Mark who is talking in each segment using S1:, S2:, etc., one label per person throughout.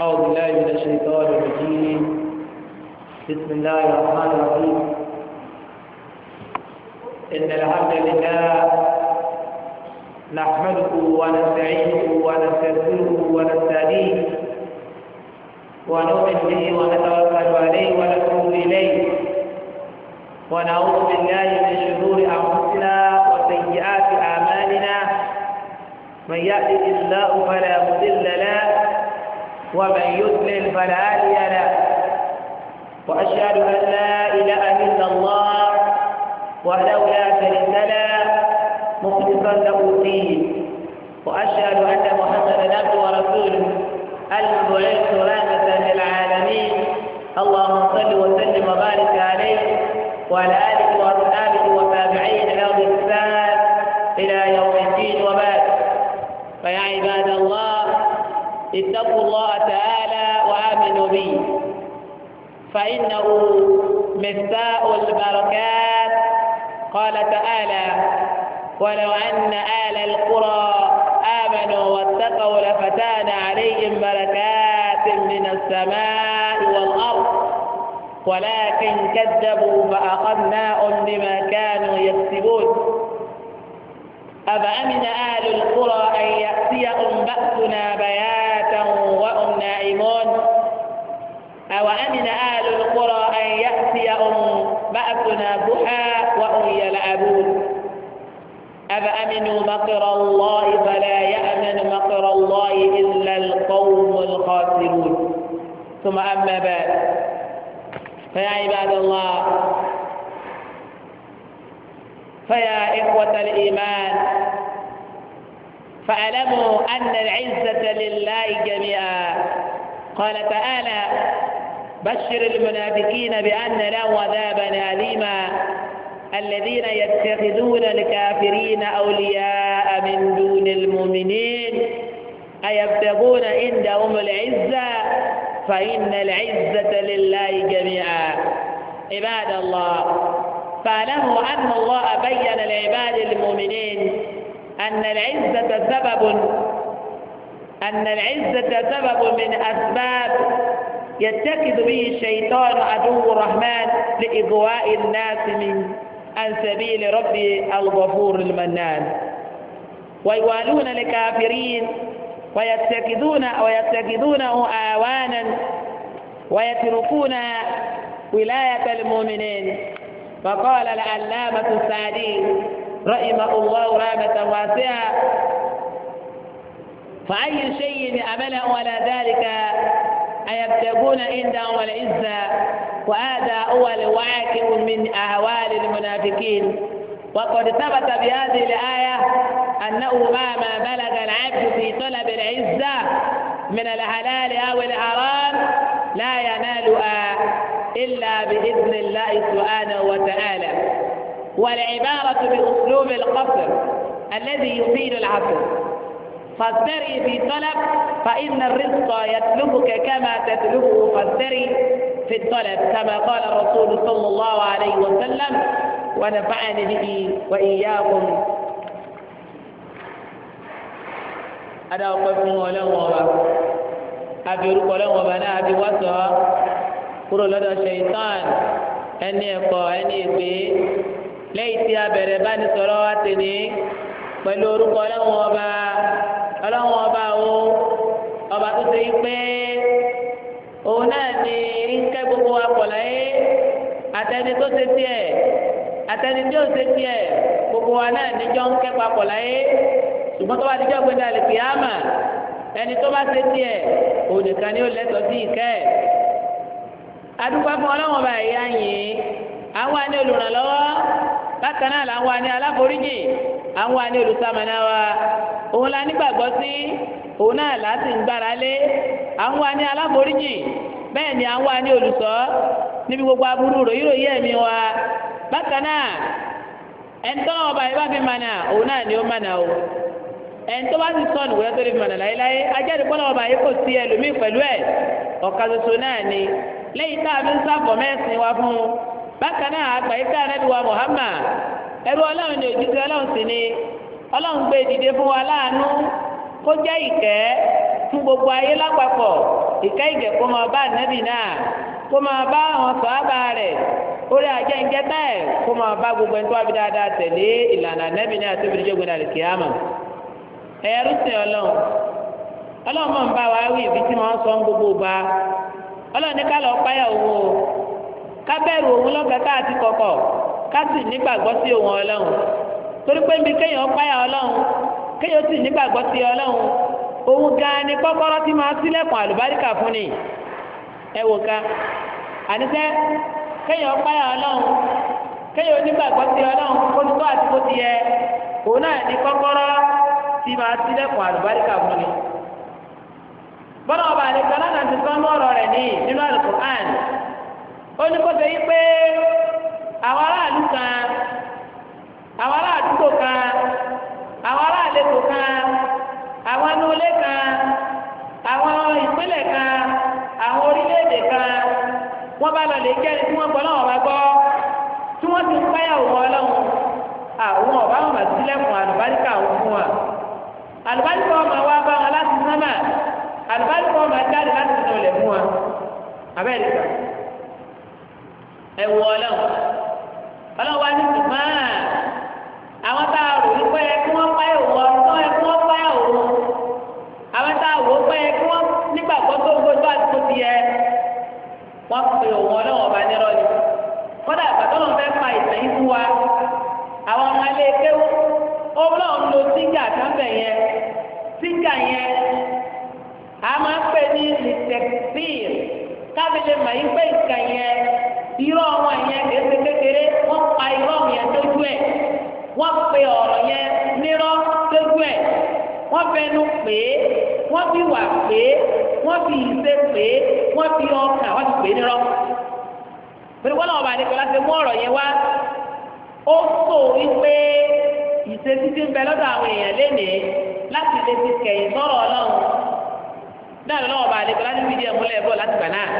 S1: أعوذ بالله من الشيطان الرجيم بسم الله الرحمن الرحيم إن الحمد لله نحمده ونستعينه ونستغفره ونستهديه ونؤمن به ونتوكل عليه ونتوب إليه ونعوذ بالله من شرور أنفسنا وسيئات أعمالنا
S2: من يهده الله فلا مضل له
S1: ومن يضلل فلا هادي له وأشهد أن لا إله إلا الله
S2: وحده لا شريك له مخلصا له الدين وأشهد أن محمدا عبده ورسوله المبعوث رحمة للعالمين اللهم صل وسلم وبارك عليه وعلى آله وأصحابه وتابعين له بإحسان إلى يوم الدين وبعد فيا عباد الله اتقوا الله تعالى وآمنوا به
S1: فإنه مفتاح البركات قال تعالى ولو أن اهل القرى آمنوا واتقوا لفتانا عليهم بركات من السماء والأرض ولكن كذبوا فأخذناهم بما كانوا يكسبون أفأمن أهل القرى أن يأتيهم بأسنا بيانا وهم نائمون أو أمن أهل القرى أن يأتيهم بأسنا ضحى وهم يلعبون أفأمنوا مكر الله فلا يأمن مكر الله إلا القوم الخاسرون ثم أما بعد فيا عباد الله فيا إخوة الإيمان فاعلموا أن العزة لله جميعا
S2: قال تعالى بشر المنافقين بأن لهم
S1: عذابا أليما الذين يتخذون الكافرين أولياء من دون المؤمنين أيبتغون عندهم العزة فإن العزة لله جميعا عباد الله فاعلموا أن الله بين لعباد المؤمنين أن العزة سبب أن العزة سبب من أسباب
S2: يتخذ به الشيطان عدو الرحمن
S1: لإغواء الناس من عن سبيل ربي الغفور المنان ويوالون الكافرين ويتخذون ويتخذونه آوانا ويتركون ولاية المؤمنين فقال العلامة السعدي رحمه الله رحمة واسعة فأي شيء أمله على ذلك أيبتغون عندهم العزة وهذا هو الواقع من أهوال المنافقين وقد ثبت بهذه الآية أنه مهما بلغ العبد في طلب العزة من الحلال أو الحرام لا ينالها إلا بإذن الله سبحانه وتعالى والعبارة بأسلوب القصر الذي يطيل العصر فازدري في الطلب فإن الرزق يتلبك كما تتلبه فازدري في الطلب كما قال الرسول صلى الله عليه وسلم ونفعني به وإياكم أنا أقف fún أبي ọba àbí orúkọ أبي ọba náà لنا شيطان أني kúrò أني ṣèitán lẹ́yìn tí a bẹ̀rẹ̀ bá ní sọ̀rọ̀ wa tẹ̀lé pẹ̀lú orúkọ ọlọ́wọ́n ọba ọlọ́wọ́n ọba o ọba tó ṣe pé òun náà ní ńkẹ́ gbogbo wa pọ̀ láyé àtẹni tó ṣe tiẹ̀ àtẹni tí ó ṣe tiẹ̀ gbogbo wa náà níjọ́ ńkẹ́ papọ̀ láyé ṣùgbọ́n tó bá ti jọ́ pé ní àlèkè àmà ẹni tó bá ṣe tiẹ̀ òun nìkan ni ó lẹ́tọ̀ọ́ sí ìkẹ́ adúgbò fún ọlọ́wọ́n ọba ẹ̀yà yìí àwọn àni olùrànlọ́wọ́ bákan náà là ń wá ní aláforíjì à ń wá ní olùsàmánà wa òun la nígbàgbọ́ sí òun náà là á sì ń gbára lé à ń aláforíjì bẹ́ẹ̀ ni à ń wá ní olùsọ níbi gbogbo aburú ròyìn ròyìn ẹ̀mí wa bákan náà ẹni tó náà wọ́n bá yẹ bá fi mànà òun náà ni ó mànà o ẹni tó bá ti sọnù wọ́n tó lè fi mànà láyéláyé ajáde kó náà wọ́n kò sí ẹlòmíì pẹ̀lú ẹ̀ ọ̀ka náà ni lẹ́yìn tá bákan náà àgbà yìí sáà nàbí wa Muhammad ẹrú ọlọ́run ní òjijì ọlọ́run sì ni ọlọ́run gbé dìde fún wa láàánú kó fún gbogbo ayé lápapọ̀ ìkẹ́ ìkẹ́ kó máa bá ànábì náà kó máa bá àwọn orí ajé ń gbogbo ẹni tó wá bí dáadáa tẹ̀lé ìlànà ànábì náà tó fi di kábẹ́rù òun lọ́kàn tá a ti kọ̀kọ̀ ká sì nígbàgbọ́ sí òun ọlọ́run torí pé níbi kéèyàn páyà ọlọ́run kéèyàn sì nígbàgbọ́ sí ọlọ́run òun gan ni kọ́kọ́rọ́ tí máa sílẹ̀kùn àlùbáríkà fún ni ẹ wò ká yẹ òun náà ó ní kó ṣe yí pé àwọn aráàlú kan àwọn aráàdúgbò kan àwọn aráàlejò kan àwọn anúlé kan àwọn ìpínlẹ̀ kan àwọn orílẹ̀-èdè kan wọ́n bá lọ lè jẹ́rìí tí wọ́n gbọ́ náà wọ́n bá gbọ́ tí wọ́n ti pẹ́yà wọ́n ọlọ́run àwọn ọ̀bá wọn bá sílẹ̀kùn àlùbáríkà wọn fún wa
S2: àlùbáríkà wọn máa wá bá wọn láti sánmà àlùbáríkà wọn máa jáde láti nà fún wa
S1: abẹ́rẹ́ kan. ẹ wọ ọlọ́run ọlọ́run wa ní àwọn a rò wípé ẹ kí wọ́n pa ìwọ ọ̀rọ̀ ẹ kí wọ́n pa òun àwọn tá a wò pé ẹ kí wọ́n nígbàgbọ́ gbogbo ti yẹ
S2: wọ́n pe òun ọlọ́run ọba kọ́dà fẹ́ fa fún wa àwọn ọmọ ilé
S1: lo sígà yẹn sígà yẹn a máa ń pè ní lìtẹ̀kìtì irọ́ wọn yẹn kéde kékeré wọ́n pa irọ́ yẹn lójú ẹ̀ wọ́n pe ọ̀rọ̀ yẹn nírọ́ lójú ẹ̀ wọ́n fẹnu pé wọ́n fi wà pé wọ́n fi ìṣe pé wọ́n fi ọkàn wọ́n fi pé nírọ́ pẹ̀lú wọn làwọn bá ní kọlá ṣe mú ọ̀rọ̀ yẹn wá ó sọ wípé ìṣesí ti ń bẹ lọ́dọ̀ àwọn èèyàn lénìí láti lè fi kẹ̀yìn sọ̀rọ̀ ọlọ́run náà lọ́wọ́ bá ní kọlá ní fídíò múlẹ̀ bọ̀ láti gbà náà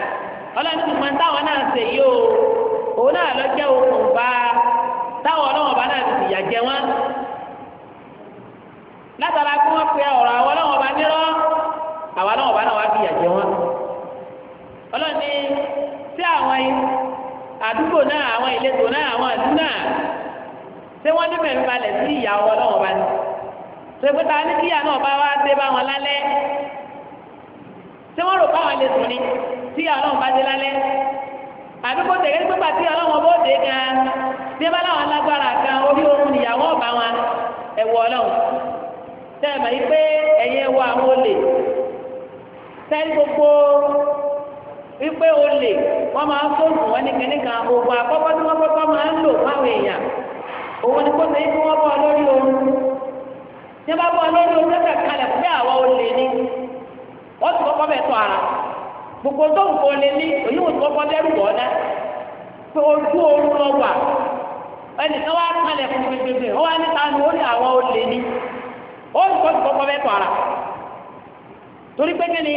S1: ọlọ́run ti mọ táwọn náà ṣe yìí o òun náà lọ jẹ́ okùnfà táwọn ọlọ́wọ́n bá náà ti fìyà jẹ wọ́n látara kí wọ́n pe ọ̀rọ̀ àwọn ọlọ́wọ́n bá nírọ́ àwọn ọlọ́wọ́n bá náà wá fìyà jẹ wọ́n ọlọ́run ní sí àwọn àdúgbò náà àwọn ìletò náà àwọn àdú náà ṣé wọ́n ní mẹ́rin balẹ̀ sí ìyàwó ọlọ́wọ́n bá ní ṣé pé ta ní kíyà náà bá wá dé bá wọn lálẹ́ ṣé wọ́n rò báwọn lè sùn ni. tí ọlọ́run bá dé lálẹ́
S2: àdúgbò tẹ̀lé pípa tí ọlọ́run bó
S1: dé gan tí bá láwọn alágbára kan orí oorun nìyàwó ọ̀bá wọn ẹ̀wọ̀ ọlọ́run tẹ́ẹ̀mọ̀ yìí pé ẹ̀yẹ wọ àwọn olè sẹ́ni gbogbo wípé olè máa ń wọn ní kẹ́nìkan oògùn àkọ́kọ́ tí wọ́n máa ń lò fáwọn èèyàn òun ni kó
S2: gbogbo tó nǹkan onye ní òyìnbó tó dẹ́rù pé ojú oorun lọ wà ẹnì kan wá fún ó wá níta ni ó àwọn olè ní
S1: ó bẹ́ẹ̀ torí pé kíni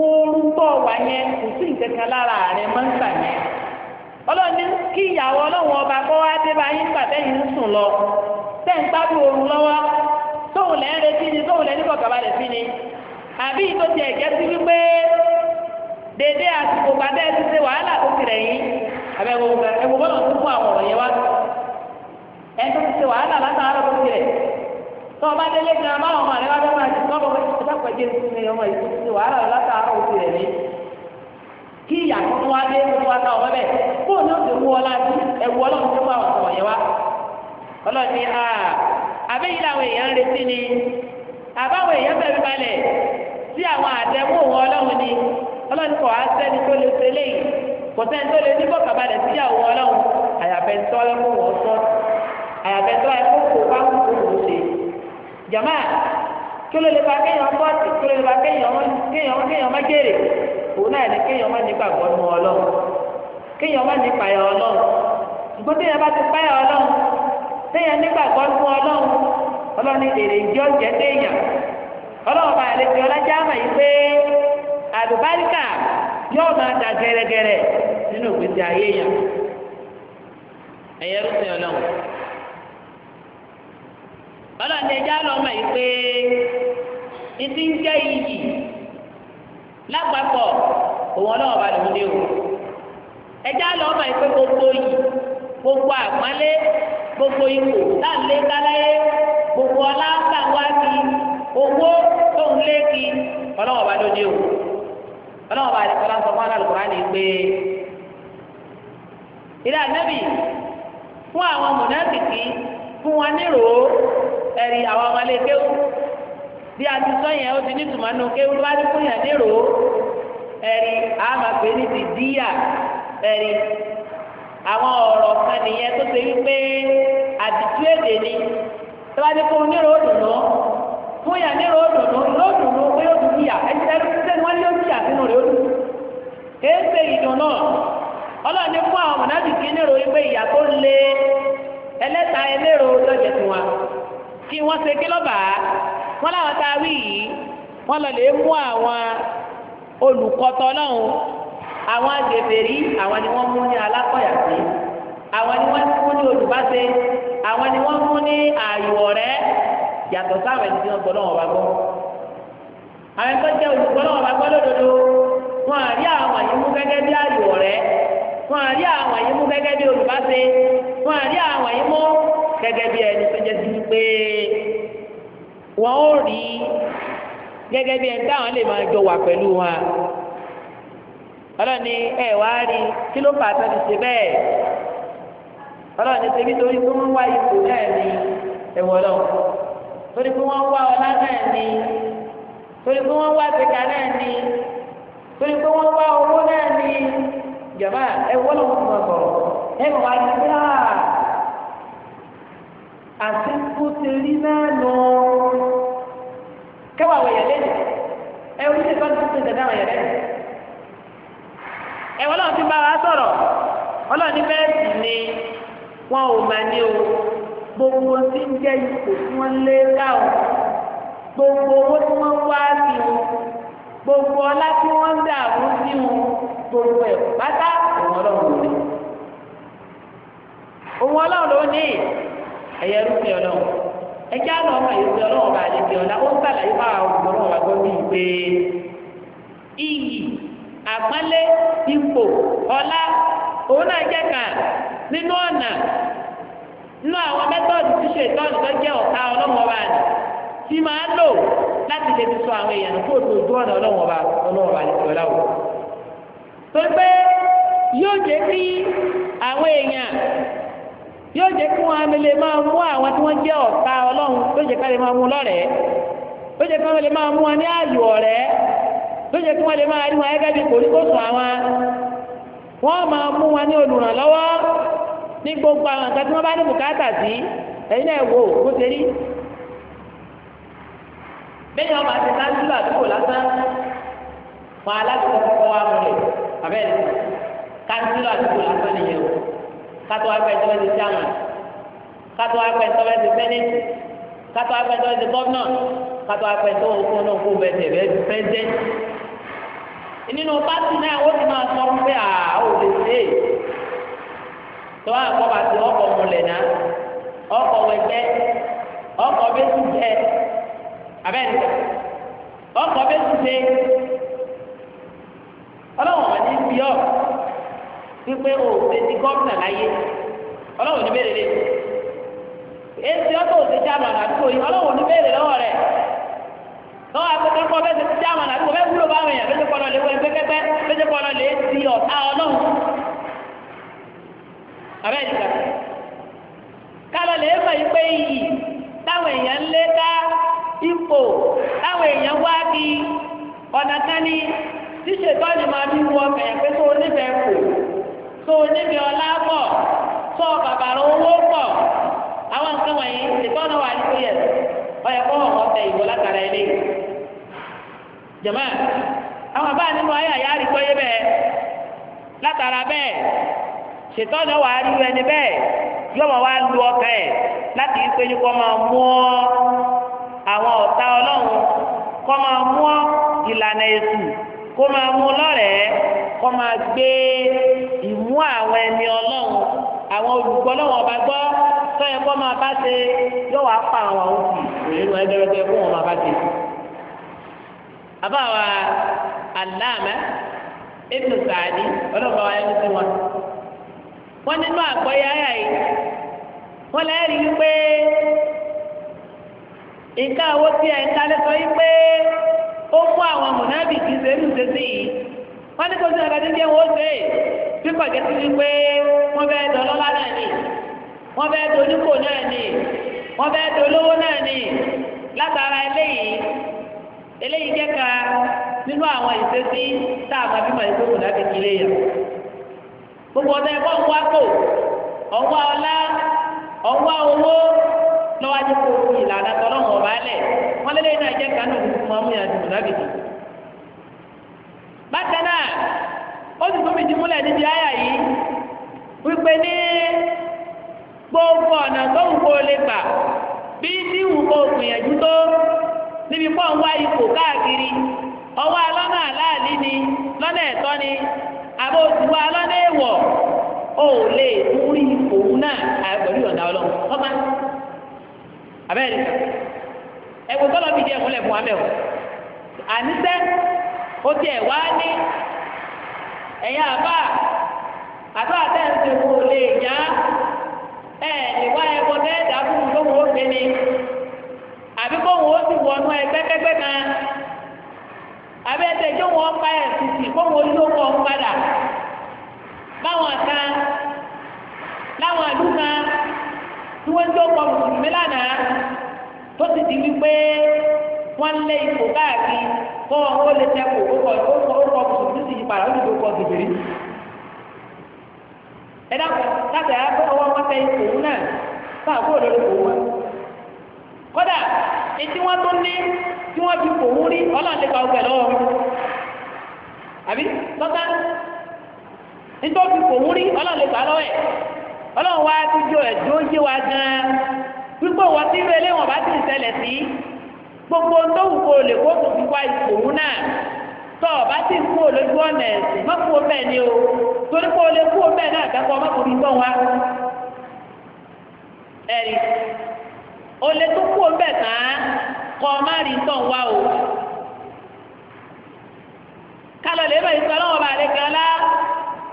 S1: oorun tó wà yẹn kò sí lọ tẹ́ ń gbádùn oorun lọ́wọ́ tóun lẹ́ ń retí ni tóun lẹ́ dédé àsìkò padà ẹ ti ṣe wàhálà tó ti rẹ̀ yín àbẹ̀wò ẹ̀wò bọ́lọ̀ tó fún àwọn ọ̀rọ̀ yẹn wá
S2: ẹ ti ṣe wàhálà látàárọ̀ tó ti
S1: tó o bá ti ẹ ọmọ yìí ti ṣe wàhálà tó ti kí ìyá tó wá dé tó wá ká ọmọ ti wú ọ láti ẹ̀wù ọlọ́run tó fún àwọn yẹn ọlọ́ọ̀ni ọlọ́run kò tó lè ṣe kò sẹ́ni tó lè nígbà kàbalẹ̀ ọlọ́run àyàfẹ́ tọ́ ẹkún wọ́n àyàfẹ́ tọ́ ẹkún kò bá kú kó lò ṣe. jama kí ló lè fa kéèyàn kí ló lè fa kéèyàn kéèyàn má jèrè òun náà ni kéèyàn má nípa ọlọ́run kéèyàn má nípa ẹ̀ ọlọ́run nǹkan téèyàn bá ti páyà ọlọ́run téèyàn nípa àlùbáríkà yóò máa ta gẹrẹgẹrẹ nínú ìgbésí ayé yẹn ẹyẹ rúfin Ọlọ́run Ọlọ́run ẹjẹ alọmọ yìí pé ìdí ń jẹ iyì lápapọ̀ òun Ọlọ́run bá lòun ní o yìí pé gbogbo yìí gbogbo àpọ́nlé gbogbo ipò gbogbo ọlá ń wá kí owó tó ń lé kí Ọlọ́run lòun o. ọlọ́wọ́ bá àdìsọ́lá sọ fún alàlùkùrá ni pé ilé ànábì fún àwọn mọ̀nàkìkì fún wọn nírò ẹ̀rí àwọn ọmọlé kéwù bí a ti sọ yẹn ó ti nítumọ̀ nù kéwù bá ti fún yẹn nírò ẹ̀rí àmàgbé ní ti díyà ẹ̀rí àwọn ọ̀rọ̀ kan nìyẹn tó ṣe wípé àdìtú èdè ni tó bá ti fún un nírò ó dùn náà. fún yà ní ròdòdó ròdòdó pé o dùn yà wọ́n o ó yà sínú rẹ̀ ó dùn. kéèsè ìdùnnú ọlọ́ọ̀ni fún àwọn mọ̀nàbìkì nírò pé ìyà tó lé ẹlẹ́ta ẹlẹ́rọ lọ́jẹ̀ tí wọn kí wọ́n ṣe kí a wí yìí lọ lè mú àwọn olùkọ́tọ́ àwọn àwọn ni wọ́n mú ní alákọ̀yà sí àwọn ni wọ́n mú ní olùbáṣe àwọn ni wọ́n mú ní yàtọ̀ sáwọn ẹni tí wọ́n gbọ́ lọ́wọ́ bá gbọ́ àwọn ẹgbẹ́ jẹ́ olùgbọ́ lọ́wọ́ bá gbọ́ lódodo wọn àrí àwọn àyè mú gẹ́gẹ́ bí àyò rẹ̀ wọn àrí àwọn àyè mú gẹ́gẹ́ bí olùbáṣe wọn àrí àwọn àyè mú gẹ́gẹ́ bí ẹni tó jẹ́ sí pé wọn ò rí gẹ́gẹ́ bí ẹni táwọn lè máa jọ wà pẹ̀lú wọn ọlọ́ni ẹ wá rí kí ló fà á tọ́jú ṣe bẹ́ẹ̀ ọlọ́ni ṣe nítorí pé wọ́n wá ipò náà ní ẹ̀wọ̀n lọ́wọ́. torí pé wọ́n wá ọlá náà ni torí pé wọ́n wá àtìkà náà ni torí pé wọ́n wá owó náà ni jàmbá ẹ wọ́n lọ́wọ́ tó sọ̀rọ̀ ẹ mọ̀ wá ní bíá àti kó ti rí náà lọ kẹwàá lẹ́yìn ẹ wọ́n ti tẹ̀lé àwọn ẹ wọ́n lọ́wọ́ ti bá wa gbogbo tí ń jẹ́ ipò tí wọ́n gbogbo owó tí wọ́n wá sí wọn gbogbo ọlá tí wọ́n dààmú sí wọn gbogbo ẹ̀ pátá òun ọlọ́run ní. òun ọlọ́run ló ní ẹ̀yẹ rúfin ọlọ́run ẹjẹ́ àná ọmọ yìí fi ọlọ́run bá ọ̀la ó ń sàlàyé fún àwọn ọmọ pé iyì àpọ́nlé ipò ọlá òun náà jẹ́ nínú ọ̀nà nínú àwọn mẹ́tọ́ọ̀dù tí ṣètọ́ọ̀nù tó jẹ́ ọ̀tá ọlọ́wọ́n bá ní tí máa lò láti lè fi sọ àwọn èèyàn kó tó ojú ọ̀nà ọlọ́wọ́n bá ọlọ́wọ́n bá lè fi ọlá wò. tó pé yóò jẹ́ kí àwọn èèyàn yóò jẹ́ kí wọ́n máa mú àwọn tí wọ́n jẹ́ ọlọ́run tó jẹ́ wọn ní ààyò ọ̀rẹ́ tó jẹ́ àwọn ní gbogbo àwọn nǹkan tí wọ́n bá ní bùkátà sí ẹ̀yin náà wò ó ṣe rí bẹ́ẹ̀ ọba ti ká sílò àdúgbò lásán wọn aláṣẹ kọ́kọ́ wa mú rẹ̀ abẹ́rẹ́ ká sílò àdúgbò lásán nìyẹn o
S2: kátó afẹ́ tó fẹ́ ti sàmà
S1: kátó afẹ́ tó fẹ́ ti sẹ́nẹ́tì kátó afẹ́ tó fẹ́ ti gọ́vnọ̀ kátó afẹ́ tó fẹ́ tó fẹ́ bẹ́ẹ̀ tẹ̀ bẹ́ẹ̀ ti pẹ́ẹ́dẹ́ntì nínú pátì náà wọ́n ti máa sọ fún pé àá ò lè ṣe é. tó wà si ọkọ ọkọ̀ mọ̀lẹ̀ náà
S2: ọkọ̀ wẹ̀jẹ̀ ọkọ̀ bẹ́sù jẹ́ abẹ́rẹ́
S1: ọkọ̀ bẹ́sù jẹ́ ọlọ́wọ̀n wà ní fi ọ́ pípé ti gọ́ọ̀nà láyé ọlọ́wọ̀n ní bèrè lé èsì ọkọ̀ òsè jáàmù àdúgbò yìí ọlọ́wọ̀n ní bèrè lọ́wọ́ rẹ̀ lọ́wọ́ akẹ́kọ̀ọ́ kọ́ bẹ́sẹ̀ jáàmù àdúgbò bẹ́ẹ̀ wúlò báwọn èèyàn abẹ́ ìgbà kálọ̀ lè mọ̀ yí pé iyì táwọn èèyàn ń lé ká ipò táwọn èèyàn wá di ọ̀nà kan ní ṣíṣe tó ní máa bí wọ ọkàn pé tó nífẹ̀ẹ́ kù tó nífẹ̀ẹ́ ọlá pọ̀ tó bàbàrà owó pọ̀ àwọn nǹkan wọ̀nyí ṣètò ọ̀nà wà ní kúyẹ̀ ọ̀yẹ̀ kọ́ ọ̀hún ìbò látara jẹ̀mọ́ àwọn bá nínú ayé ṣètọ́nà wàá rí rẹ níbẹ̀ yọmọ wàá lu ọkàn ẹ̀ láti pé ní kọ́ máa mú ọ àwọn ọ̀tá ọlọ́run kọ́ máa mú ọ ìlànà èṣù kó máa mú lọ́rẹ̀ẹ́ kọ́ máa gbé ìmú àwọn ẹni ọlọ́run àwọn olùkọ́ lọ́wọ́ ọba gbọ́ sọ́yẹ kọ́ máa bá ṣe yóò wá pa àwọn àwọn òkè
S2: òyìnbó ẹgbẹ́rẹ́gbẹ́ fún wọn máa bá ṣe. àbáwa aláàmẹ́
S1: ètò sàádì ọlọ́run bá wa ẹni sí wọ́n nínú àgbọ́yé ayà yìí wọ́n lẹ́yìn rí pé nǹkan àwo tí ẹ̀ ń kalẹ̀ sọ yìí pé ó mú àwọn mọ̀nàbì kì í ṣe ní ìṣesí yìí wọ́n ní kò sí ọ̀gá tí ń jẹ́ wọ́n ṣe bí pàgẹ́ sí wípé wọ́n fẹ́ dọ̀lọ́lá náà ni wọ́n fẹ́ donípò náà ni wọ́n fẹ́ dolówó náà ni látara eléyìí eléyìí jẹ́ nínú àwọn ìṣesí tá a máa fi mọ̀ ìṣòwò láti kílé yẹn. gbogbo ọdẹ ẹ̀kọ́ ń wá kò ọwá ọwụwa ọwá owó lọ́wọ́ ajé kó o ìlànà tọ́lọ́mù ọba lẹ̀ wọ́n lé lẹ́yìn náà jẹ́ kánú bákan náà ó níbi àyà yìí wípé ní gbogbo ọ̀nà tó kó lè gbà bí kó gbìyànjú tó níbi àbọ̀ òkú alọ́dẹ wọ̀ ó lè múrí òun náà àgbẹ̀rù ọ̀dà ọlọ́run ọba abẹ́rẹ́ ẹ̀wọ̀n tọ́lọ́ fi di ẹ̀kúnlẹ̀ fún amẹ́ o
S2: àníṣẹ́ ó tiẹ̀ wá ní ẹ̀yà àbá àbá àtẹ̀sẹ̀ kò lè yá
S1: ẹ̀ ìwá ẹ̀kọ́ tẹ́ẹ̀dá fún ó gbé ni àbí ó kan. abẹ́tẹ̀ tí wọ́n pa ẹ̀ títì kó wọ́n ló kọ́ padà báwọn kan láwọn àdúgbò tí wọ́n tó kọ mùsùlùmí lánàá tó ti di wípé wọ́n lé ipò káàkiri kó wọn ó lè tẹ́kọ̀ ó kọ mùsùlùmí sì yí padà ó sì tó kọ kékeré ẹ dákọ̀ láti ẹ̀ ọwọ́ wọn fẹ́ ipò náà fún àkóòdó wọn. kódà etí wọn tó ní tí wọn fi kòwú rí ọlọ́run lè gba ọgbẹ lọ́wọ́ àbí tọ́ta nítorí fi kòwú rí ọlọ́run lè gba lọ́wọ́ ẹ̀ ọlọ́run wá tó jó ẹ̀ tó yé wa gan-an wípé wọ́n ti rí eléwọ̀n bá ti ṣẹlẹ̀ sí gbogbo tó wù kó lè kó tó fi wá ìkòwú náà tọ́ ọba tí ń kó lójú ọ̀nà ẹ̀sìn má kó bẹ́ẹ̀ ni o torí kó lè kó bẹ́ẹ̀ náà kẹ́kọ̀ọ́ má kó fi gbọ́n wa. ẹ̀rí o lè tó kú ọbẹ̀ tán kọ ọ má rí tán wá o. kálọ̀ lè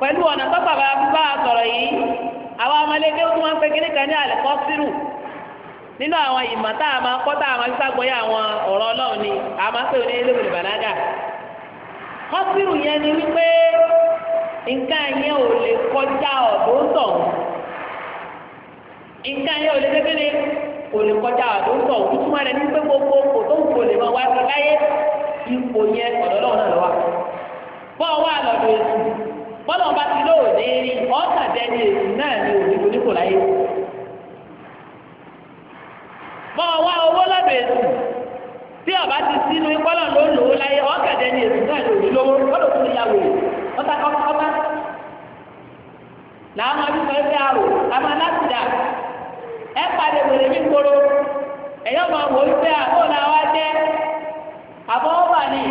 S1: pẹ̀lú ọ̀nà tó bàbá bá a sọ̀rọ̀ yìí àwọn ọmọléke tó máa ń pe kíníkan ní àlẹ́kọ́ sírù nínú àwọn ìmọ̀ tá a máa kọ́ tá a máa àwọn ọ̀rọ̀ ọlọ́run ni a máa pè ní eléwèlè bàlágà yẹn ni wípé nǹkan yẹn kò lè kọjá àdóńtọ̀ òtútùmọ̀ rẹ̀ ní pé gbogbo kò tó ń kò lè máa wá sí láyé ipò yẹn ọ̀dọ́lọ́wọ́ náà lọ́wọ́ bọ́ wà lọ́dọ̀ èsì bọ́lọ̀ bá ti lóòdì rí ọ̀sàdẹ́ni èsì náà ni láyé wà owó lọ́dọ̀ èsì tí ọba ti sínú ló lò ó láyé ọ̀sàdẹ́ni èsì náà ni lówó bọ́lọ̀ tó
S2: ẹ padà wèrè mí koro ẹ̀yọ́ máa wò ó pé àbọ̀ làwọn jẹ́ àbọ̀ ọ̀bà ni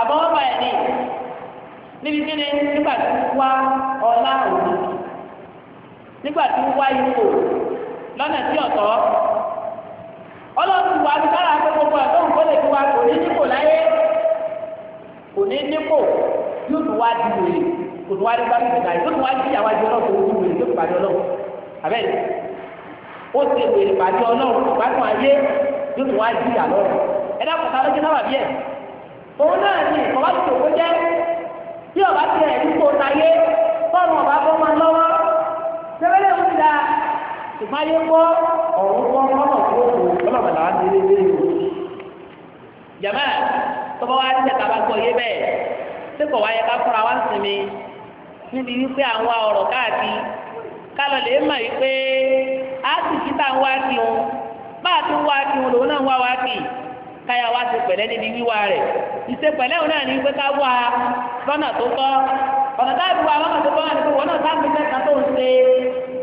S2: àbọ̀ ọ̀bà ẹ̀ ni
S1: níbi kí ni nígbà tí wá ọlá òní nígbà tí wá ipò lọ́nà tí ọ̀tọ̀ ọlọ́run wà ní kára pé gbogbo àtọ́hùn wá kò ní nípò láyé kò ní nípò yóò tún wá di wèrè ó ti wèrè pàdé ọlọ́run ìgbádùn ayé yóò tún wá jìyà lọ́rùn ẹ dákun ta ló jẹ́ sábàbí ẹ̀ òun náà ni ọba jẹ́ ọba ti rẹ̀ ní kó ọba máa lọ́wọ́ sẹ́fẹ́lẹ́ da kọ́ ọ̀run kọ́ tó kù
S2: ọlọ́run làwọn ti rí o.
S1: jama tọ́ba wa ti tẹ̀ka bá gbọ́ yé bẹ́ẹ̀ kò wáyé ká fúnra wá sinmi níbi wípé àwọn ọ̀rọ̀ káàkiri lè asi ti à ń wá sí òun bá a ti ń wá sí òun lòun náà ń wá wá sí káyà wá ti pẹ̀lẹ́ níbi wíwá rẹ̀ ìṣe pẹ̀lẹ́ òun náà ní pé ká wá lọ́nà tó tọ́ ọ̀nà táàbù wa lọ́nà tó tọ́ wà ní pé wọ́n náà sáà fi tó ń ṣe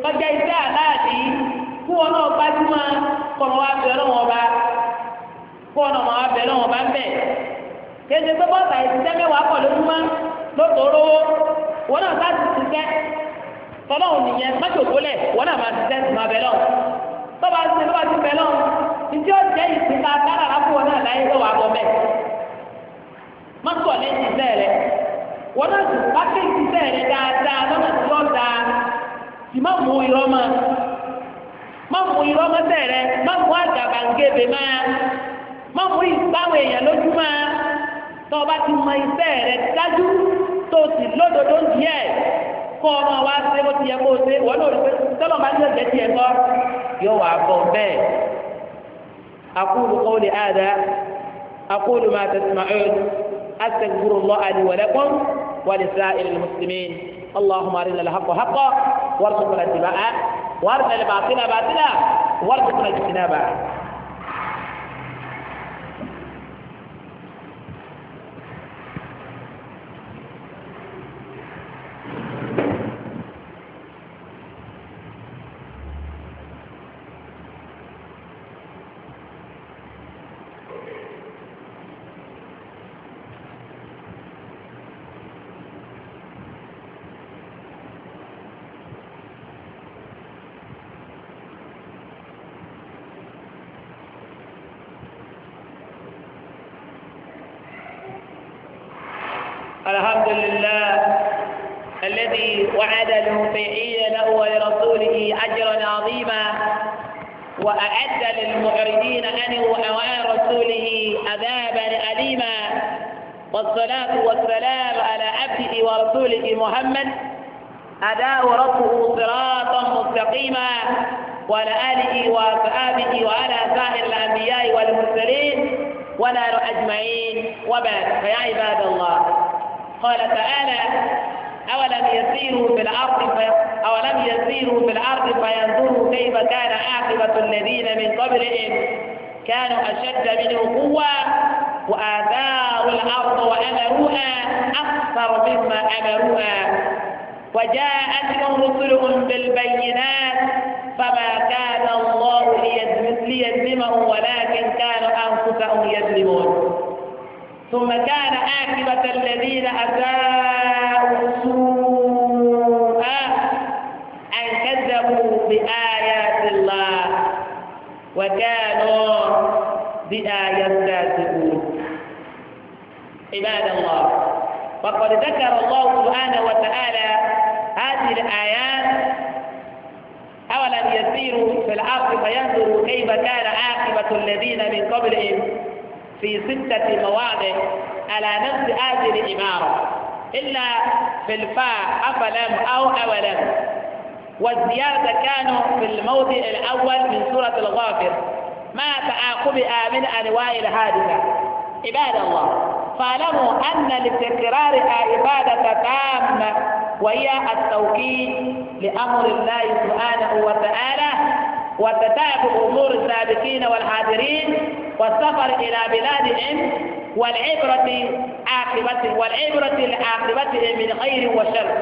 S1: kọjá iṣẹ́ àláàdì wọn náà wa bẹ̀rẹ̀ lọ́wọ́ ọba wọn náà bẹ̀rẹ̀ lọ́wọ́ ọba ń bẹ̀ kéde pé bọ́ọ̀sà ìṣiṣẹ́ mẹ́wàá pọ̀ lójúmọ́ wọn náà sáà ti ṣiṣẹ́ tọ́lọ́hùn nìyẹn mọ́tò kólẹ̀ wọ́n náà máa ti tẹ́sí máa bẹ̀ lọ́hùn tọ́ba ti tọ́ba ti bẹ̀ lọ́hùn ìdí ọ̀jẹ́ ìsinmi agbára lápò wọn náà láyé lọ́wọ́ àbọ̀ mẹ́ mọ́tò ọ̀lẹ́ ti sẹ́ rẹ wọ́n náà ti pàṣẹ ti sẹ́ rẹ dáadáa lọ́nà tí ó dáa sì má mú irọ́ mọ́
S2: má mú irọ́ mọ́ sẹ́ rẹ má mú àgàbàǹgebè máa
S1: má mú ìsáwọ̀ èèyàn lójú máa tọ́ba ti mọ iṣẹ́ rẹ dájú tó sì lódodo díẹ̀ kọ́ ọmọ wa ṣe bó ti yẹ kó o ṣe wọ́n lórí pé tọ́lọ̀ máa ń tẹ̀lé tiẹ̀ kọ́ yóò wà bọ̀ bẹ́ẹ̀. aqulu qawli hadha aqulu ma tasma'un astaghfirullah li wa lakum wa li sa'iril muslimin allahumma arina al-haqqa haqqan warzuqna ittiba'ah
S2: warina al-batila batila warzuqna ijtinabah.
S1: الحمد لله الذي وعد المطيعين له ولرسوله أجرا عظيما وأعد للمعرضين عنه وعن رسوله عذابا أليما والصلاة والسلام على عبده ورسوله محمد أداء ربه صراطا مستقيما وعلى آله وأصحابه وعلى سائر الأنبياء والمرسلين ولا أجمعين وبعد فيا عباد الله
S2: قال تعالى أولم يسيروا في الأرض أولم يسيروا في الأرض فينظروا كيف كان عاقبة الذين من قبلهم
S1: كانوا أشد منهم قوة وآثاروا الأرض وأمروها أكثر مما أمروها وجاءتهم رسلهم بالبينات فما كان الله ليظلمهم ولكن كانوا أنفسهم يظلمون ثم كان عاقبة الذين أساءوا سوءا أن كذبوا بآيات الله وكانوا بها يستهزئون عباد الله
S2: وقد ذكر الله سبحانه وتعالى
S1: هذه الآيات أولم يسيروا في الأرض فينظروا كيف كان عاقبة الذين من قبلهم في ستة مواضع على نفس هذه الإمارة إلا في الفاء أفلم أو أولم والزيادة كانوا في الموضع الأول من سورة الغافر ما تعاقبها من أنواع الحادثة عباد الله فاعلموا أن لتكرارها عبادة تامة وهي التوكيد
S2: لأمر الله سبحانه وتعالى وتتابع أمور السابقين والحاضرين
S1: والسفر إلى بلادهم والعبرة عاقبة والعبرة لعاقبتهم من خير وشر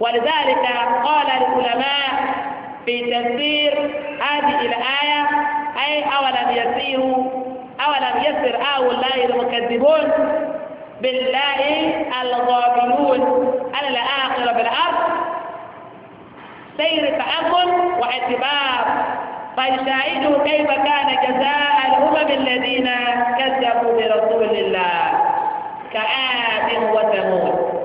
S1: ولذلك قال العلماء في تفسير هذه الآية أي أولم يسيروا أولم يسر هؤلاء المكذبون بالله الغافلون على الآخرة بالأرض سير تأمل واعتبار فاجتهدوا كيف كان جزاء الأمم الذين كذبوا برسول الله كآب وثمود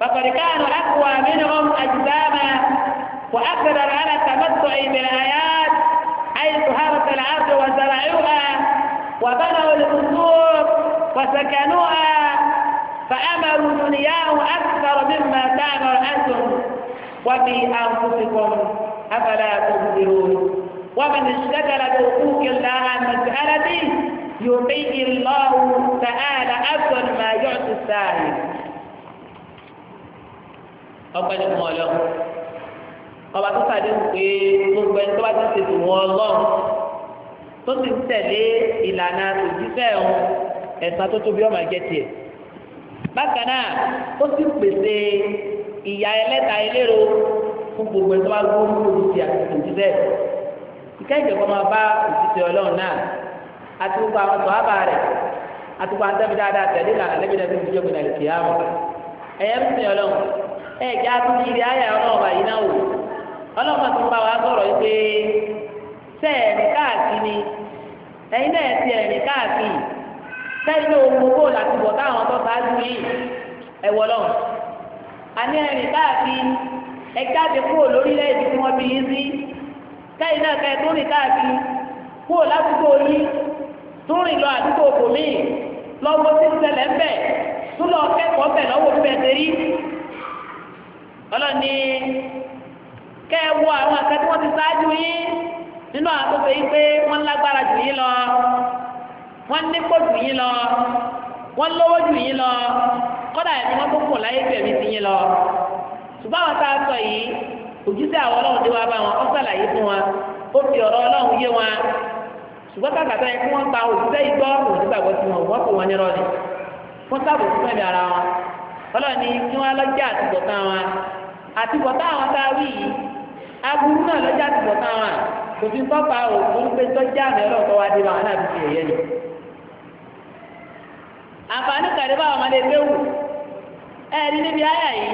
S1: فقد كانوا أقوى منهم أجساما وأقدر على التمتع بالآيات حيث هرس الأرض وزرعوها وبنوا القصور وسكنوها فأمروا دنياهم أكثر مما تعمل أنتم وفي أنفسكم أفلا تبصرون ومن اشتغل بحقوق الله عن مسألة يعطيه الله تعالى أفضل ما يعطي السائل ọpẹ́ ní mọ Ọlọ́run ọba tó sàdé ń pé gbogbo ẹni tó bá ti ṣètò wọn Ọlọ́run tó ti ń tẹ̀lé ìlànà òjíṣẹ́ ọhún ẹ̀san tó tóbi ọmọ ẹjẹ tiẹ̀ bákan náà ó sì pèsè ìyá ẹlẹ́ta eléro fún gbogbo ẹni tó bá gbóhùn lòdì sí àti òjíṣẹ́ ọhún ìkẹ́jẹ́ kọ́ máa bá òṣìṣẹ́ ọlọ́run náà àti gbogbo àwọn tó ábà rẹ̀ àti gbogbo àtẹ́bí dáadáa tẹ̀lé lànà lẹ́bí dẹ́bí ìjọ gbìnà ìkè àmọ́ ẹ̀yẹ́ ń sìn ọlọ́run ẹ̀ kí a tún yiri ayé ọlọ́run bá yìí náà wò ọlọ́run tó ń bá wa sọ̀rọ̀ yìí pé sẹ́ẹ̀rì káàkiri ẹ̀yin náà ti ẹ̀rìn káàkiri sẹ́yìn náà ogun kó láti bọ̀ táwọn tó sáájú yìí ẹ̀ wọ lọ́run àní ẹ̀rìn káàkiri ẹ̀ kúrò lórílẹ̀ kẹ́yìn náà kẹ́ tó rìn káàkiri kúrò ládùúgbò yìí tó rìn lọ àdúgbò bòmí lọ́wọ́ tí ń ṣẹlẹ̀ ń tó lọ kẹ́kọ̀ọ́ bẹ̀ lọ́wọ́ ọlọ́ni kẹ́ ẹ àwọn akẹ́ tí wọ́n ti ṣáájú yín nínú àwọn tó pé wọ́n lágbára jù yín lọ wọ́n jù yín lọ wọ́n lówó jù yín lọ
S2: kọ́dà ẹ̀mí wọ́n àwọn tá òjíṣẹ́ àwọn ọlọ́run tí wàá bá wọn ó sàlàyé fún wọn ó fi ọ̀rọ̀ ọlọ́run yé wọn
S1: ṣùgbọ́n kàkàtà yẹn kí wọ́n pa òjíṣẹ́ ìgbọ́ òṣìgbàgbọ́ tí wọn wọ́n kó wọn ni wọ́n ara wọn ọlọ́run ni kí wọ́n lọ́jà wọn àwọn tá a wí yìí náà lọ́jà wọn kò fi tọ́pa òkúrú pé tọ́jà àmì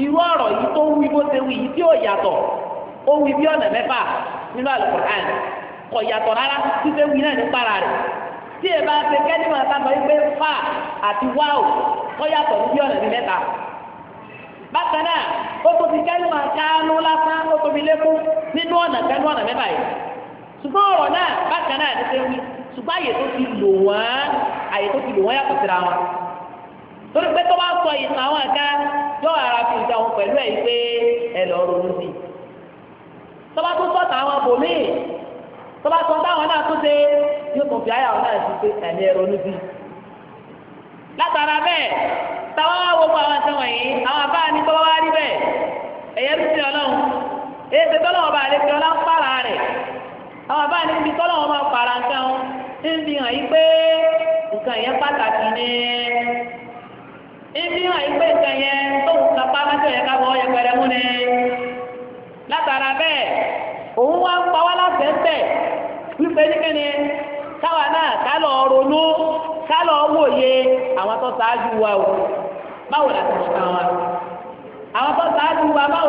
S1: irú ọ̀rọ̀ yìí tó wí bó ṣe wí yìí tí ò yàtọ̀ ó wí bí ọ̀nà mẹ́fà nínú Al-Qur'an kò yàtọ̀ rárá títí wí náà ní para rẹ̀ tí ẹ bá ṣe kẹ́ni máa bá sọ wípé fà àti wáò kò yàtọ̀ ní bí ọ̀nà ní mẹ́ta bákan náà ó tó ti kẹ́ni máa kánú lásán ó tóbi lékún nínú ọ̀nà kẹ́nu ọ̀nà mẹ́fà yìí ṣùgbọ́n ọ̀rọ̀ náà bákan náà ṣe wí ṣùgbọ́n àyè tó ti lò wọ́n àyè tó ti lò wọ́n yàtọ̀ síra wọn. torí pé tó bá sọ ìtàn àwọn ẹ̀ka yóò ara fi ìjà pẹ̀lú ẹ̀ pé ẹ lọ ronú sí tó bá tó sọ táwọn bòmíì tó bá sọ táwọn náà tó ṣe yóò tó fi àyàwó náà sí pé ẹ̀mí ẹ ronú látara bẹ́ẹ̀ táwọn wá àwọn ẹ̀sẹ̀ wọ̀nyí àwọn ni tó bá wá rí Ibi hàn yí pé nǹkan tó na kápá lájọ yẹn ká bọ́ yẹpẹrẹ mú ni látara bẹ́ẹ̀ òun wá ń pa wá láti ẹ̀ńtẹ̀ wípé níkẹ́ni káwa náà ká lọ ronú ká lọ wòye àwọn tó wa o báwo la ti ká wa àwọn tó wa báwo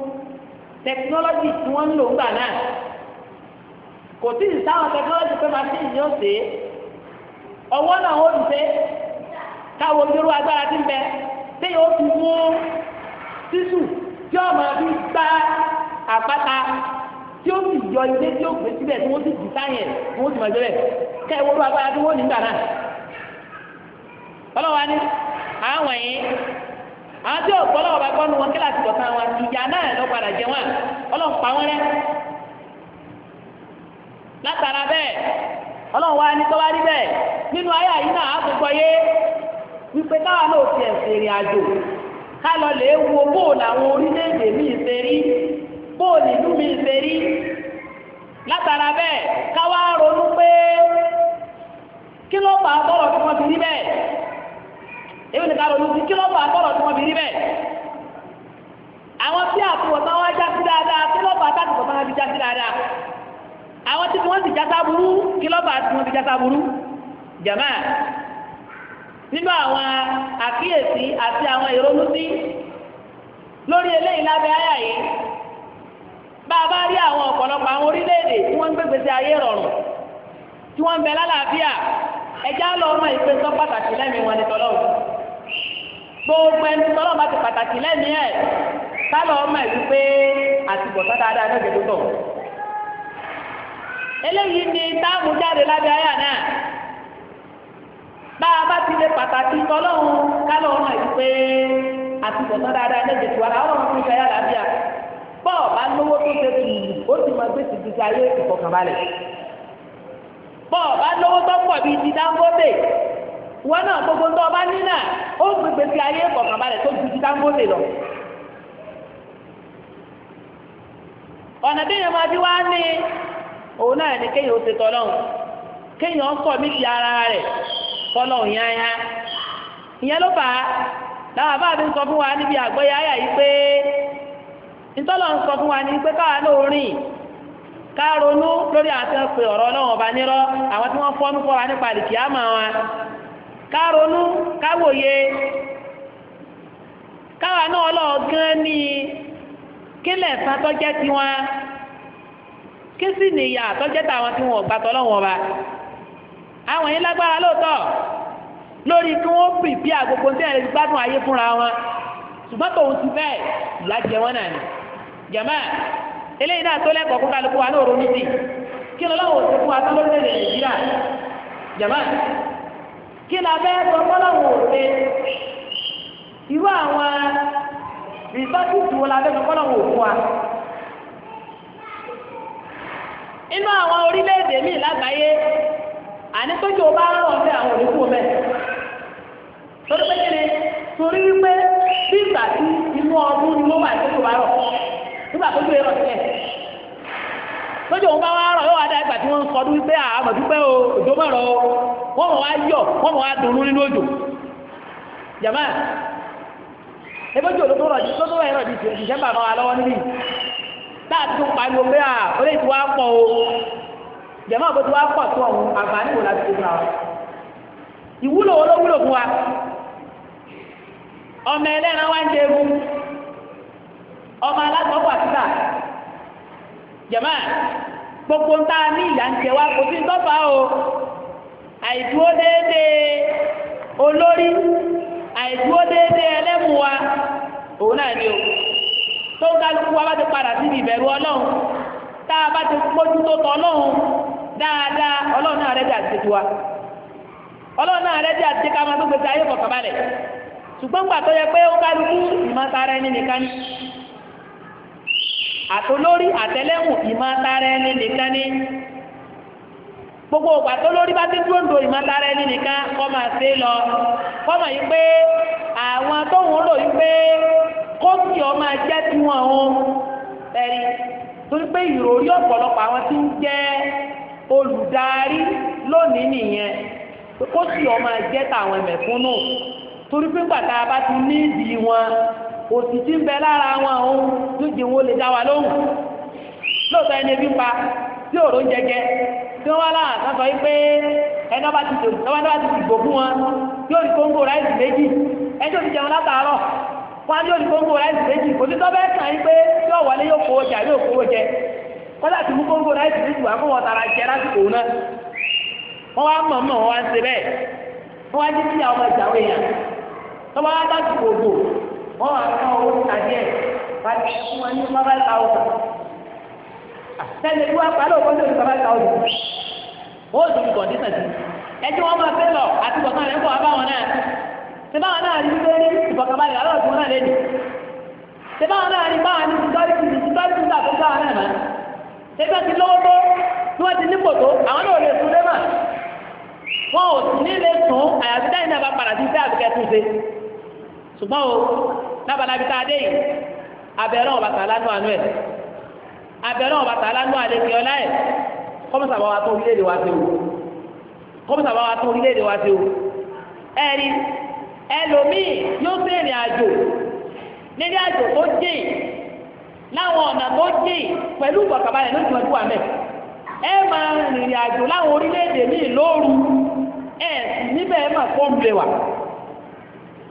S1: tẹkinọ́lọ́jì tí wọ́n ń lò ńgbà náà kò tí ì sáwọn tẹkinọ́lọ́jì pé machine ni ó ṣe é ọwọ́ náà ó ń ṣe káwọn ojúrú agbára ti ń bẹ tí yóò fi mú sísù tí ó máa fi gbá àpáta tí ó sì yọ ilé tí ó gbé síbẹ̀ tí wọ́n sì jù sáyẹn tí wọ́n sì máa gbé bẹ̀ kẹ́wọ́n ló agbára tí wọ́n nígbà náà ọlọ́wà ni àwọn yìí. àwọn tí ògbọ́n lọ́wọ́ bá gbọ́ nu wọn kíláàsì kọ̀ọ̀kan wọn ìyá náà lọ padà jẹ wọn ọlọ́run pa wọn rẹ. látara bẹ́ẹ̀ ọlọ́run wa ní tọ́wá rí bẹ́ẹ̀ nínú ayé náà àtúntò yé wípé káwa náà ti ẹ̀sìn ìrìn àjò ká lọ lè wo bóòlù àwọn orílẹ̀-èdè ronú pé kí ló ká ronú sí kí ló bá tọrọ tí wọn fi rí bẹ́ẹ̀ àwọn tí àtúwọ̀tán wọn já sí dáadáa kí ló bá tàtúwọ̀tán wọn fi já sí dáadáa àwọn tí wọn sì já sáburú kí ló bá tí wọn fi já sáburú jàmá nínú àwọn àkíyèsí àti àwọn ìrònú sí lórí eléyìí lábẹ́ àyà yìí bá a bá rí àwọn ọ̀pọ̀lọpọ̀ àwọn orílẹ̀-èdè tí wọ́n ń gbé gbèsè ayé rọrùn tí wọ́n ń bẹ lálàáfíà ẹ̀já lọ́ọ́ mọ̀ ìpè sọ pàtàkì lẹ́mìí wọn ní tọ́lọ́wọ́ gbogbo ẹni tọ́lọ́ bá ti pàtàkì lẹ́ni ẹ̀ kálọ̀ ọmọ ẹ̀ wípé àtibọ̀tán dáadáa náà gbẹdọ̀ tọ̀. eléyìí ni táàmù jáde lábẹ́ àyà náà bá a bá ti lè pàtàkì tọ́lọ́hún kálọ̀ ọmọ ẹ̀ wípé àtibọ̀tán dáadáa náà gbẹdọ̀ wàrà ọlọ́run fún ìṣẹ́yà làbíà bọ́ọ̀ bá lówó tó ṣe tù ó sì máa gbé tìtì ayé ìfọkànbalẹ̀ bọ́ọ̀ bá lówó tó pọ̀ bíi ti Dangote wọn náà gbogbo ń ọba ní náà ó gbègbè sí ayé kọ̀ọ̀kan balẹ̀ tó ju ti Dangote lọ. ọ̀nà bí èèyàn máa fi wá ní òun náà ni kéèyàn ó ṣe tọ́lọ́hún kéèyàn ó sọ ara rẹ̀ ìyẹn ló fà á làwọn àbá mi sọ fún wa níbi yìí pé ntọ́lọ̀ ń sọ fún wa ní pé káwa náà rìn ká ronú lórí àti ọ̀rọ̀ ọba nírọ́ àwọn tí wọ́n nípa ká ronú ká wòye káwa náà ọlọ́ọ̀gán ní kílẹ̀ fún atọ́jẹ́ tiwọn kí sì nìyà atọ́jẹ́ tàwọn tí wọn ò gbàtọ́ lọ́wọ́ wa àwọn yìí lágbára lóòótọ́ lórí kí wọ́n pìpì àgbogbo ní ẹ̀rẹ́ gbádùn ayé fúnra wọn ṣùgbọ́n tòun ti bẹ́ẹ̀ lájẹ wọn náà ni jàmá eléyìí náà tó lẹ́kọ̀ọ́ kó kálukú wa náà ronú sí kí lọ́wọ́ òsè fún wa tó lórílẹ̀ Nàìjíríà jàmá kí la bẹ́ẹ̀ sọ fọlọ́wọ́ òde irú àwọn rìsọ́tìsì wo la bẹ́ẹ̀ sọ fọlọ́wọ́ òfin wa inú àwọn orílẹ̀-èdè míì lágbàáyé àní tó jò bá rọ̀ sí àwọn òdìkú mẹ́ torí pé kíni torí wípé bí ìgbà tí inú ni wọ́n tó bá rọ̀ nígbà tó lójú òun bá wá rọ̀ yóò wá dá ìgbà tí wọ́n ń sọdún pé àmọ̀dúpẹ́ o òjò mọ̀rọ̀ o wọ́n mọ̀ wá yọ̀ wọ́n mọ̀ wá dùnú nínú òjò jàmá ebójú olótó rọ̀ tó tó rẹ̀ rọ̀ di ìṣẹ́ bàbá wa lọ́wọ́ níbí láti tún pariwo pé à ó lè ti wá pọ̀ o jàmá bó ti wá pọ̀ tó ọ̀hún àǹfààní wò láti ṣe ìwúlò wo ló wúlò fún wa ọmọ ẹlẹ́ran wá ń jẹ
S2: ọmọ alágbọ́pọ̀
S1: jẹ̀mọ́ gbogbo ń tá a ní ìyá ń jẹ wá kò sí ń tọ́fà o àìdúró déédéé olórí àìdúró déédéé ẹlẹ́mu wa òun náà ni o tó ń kálukú wa bá ti padà síbi ìbẹ̀rù ọlọ́run tá a bá ti mójú tó tọ ọlọ́run dáadáa ọlọ́run náà rẹ̀ dà sí wa ọlọ́run náà rẹ̀ dà sí ká máa tó gbèsè ayé kọ̀ọ̀kan balẹ̀ ṣùgbọ́n gbà tó yẹ pé ó kálukú ìmọ̀sára ẹni nìkan ni àtolórí àtẹlẹ́hùn ìmọ̀tara ẹni nìkan ní gbogbo ògbà tó lórí bá ti dúró ń do ìmọ̀tara ẹni nìkan kọ́ máa ṣe é lọ kọ́ máa yí pé àwọn tóun lò yí pé kóòtù ọ máa jẹ́ tiwọn o ẹ̀rí torí pé ìròrí ọ̀pọ̀lọpọ̀ àwọn tí ń jẹ́ olùdarí lónìí nìyẹn kóòtù ọ máa jẹ́ tàwọn ẹ̀mẹ̀kúnnù torí pé gbàtà bá ti ní ìdí wọn. osisi tí ń bẹ lára wọn òun tó jẹ wọn lè dá wa lóhùn lóòótọ́ ẹni ebi ń pa tí òòrò ń jẹjẹ tí wọ́n wá láwọn kan sọ pé ẹni ọba ti dòdò ọba ti dìbò fún wọn di kóńgò ráìsì méjì ẹni òsì jẹun látàárọ̀ wọn á ní òsì kóńgò ráìsì méjì kàn yín pé yóò jẹ àbí jẹ mú kóńgò ráìsì méjì wá fún wọn tara jẹ lásìkò náà wá mọ́ àwọn owó tàbí ẹ̀ bá ti fún wọn ní bábá tàwùsàn. sẹ́ni tí wọ́n pa ló kọ́ lórí bábá tàwùsàn. ó dùn kọ̀ǹdíṣà sí i ẹjọ́ wọn máa fẹ́ lọ àti kọ̀ọ̀kan rẹ̀ kọ́ abáwọn náà ṣé báwọn náà rí lórí ìfọ̀kànbalẹ̀ alọ́ọ̀tún wọn náà lé ní ṣé báwọn náà rí báwọn ní sísọ́rìtì sísọ́rìtì nígbà tó báwọn náà máa ṣé bá ti lọ́wọ́ tó tí wọ́n ti ní kòtó àwọn náà ò lè tún lé mà wọn ò sì ní lè tún àyàfi dáhìn náà bá padà sí iṣẹ́ àbíkẹ́ tún ṣe ṣùgbọ́n o lábala bí tá a dé yìí abẹ́rẹ́ ọ̀bà tà lánú àánú ẹ̀
S2: abẹ́rẹ́ ọ̀bà tà lánú àlejò ọ̀la ẹ̀
S1: kọ́mùsà bá wa tó orílẹ̀-èdè wa ṣe o kọ́mùsà bá wa tó orílẹ̀-èdè wa ṣe o ẹ̀rí ẹlòmíì yóò ṣe ìrìn àjò nílé àjò tó jìn
S2: láwọn ọ̀nà tó jìn pẹ̀lú ìgbọ̀kàbalẹ̀ lójú ọdún àmẹ́ ẹ máa rìnrìn àjò láwọn orílẹ̀-èdè míì lóru ẹ̀ níbẹ̀ ẹ máa kó
S1: lè wà.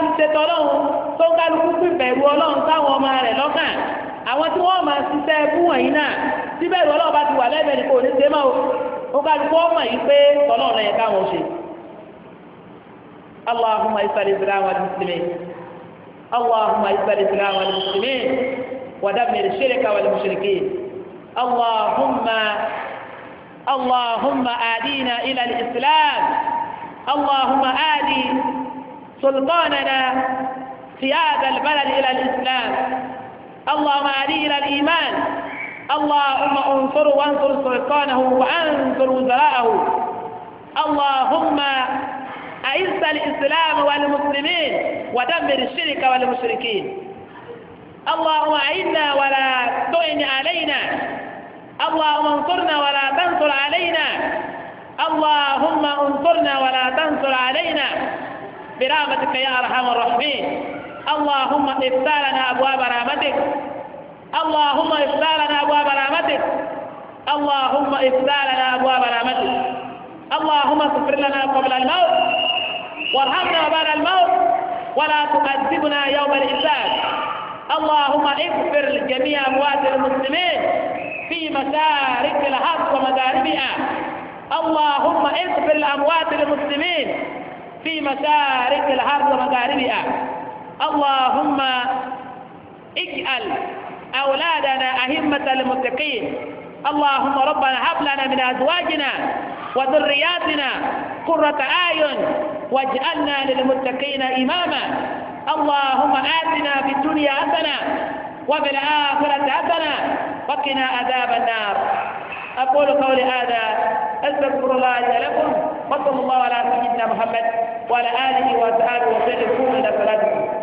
S1: ti ṣe tọ́lọ́hún tó kálukú fún ìbẹ̀rù ọlọ́run sáwọn ọmọ rẹ̀ lọ́kàn àwọn tí wọ́n máa ṣiṣẹ́ fún wọ̀nyí náà tí bẹ̀rù ọlọ́run bá ti wà ni kò ní ṣe máa ó kálukú ọmọ yìí pé سلطاننا في هذا البلد إلى الإسلام اللهم علي إلى الإيمان اللهم انصر وانصر سلطانه وانصر وزراءه اللهم أعز الإسلام والمسلمين ودمر الشرك والمشركين اللهم أعنا ولا تعن علينا اللهم انصرنا ولا تنصر علينا اللهم انصرنا ولا تنصر علينا برحمتك يا أرحم الراحمين اللهم افتح لنا أبواب رحمتك اللهم افتح لنا أبواب رحمتك اللهم افتح لنا أبواب رحمتك اللهم اغفر لنا قبل الموت وارحمنا بعد الموت ولا تؤذبنا يوم الحساب اللهم اغفر لجميع اموات المسلمين في مشارق الارض ومغاربها اللهم اغفر لاموات المسلمين في مشارق الأرض ومغاربها اللهم اجعل أولادنا أهمة المتقين اللهم ربنا هب لنا من أزواجنا وذرياتنا قرة أعين واجعلنا للمتقين إماما اللهم آتنا في الدنيا حسنة وفي الآخرة حسنة وقنا عذاب النار أقول قولي هذا أستغفر الله لي لكم وصلى الله على سيدنا محمد وعلى آله وأصحابه وسلم كل صلاتكم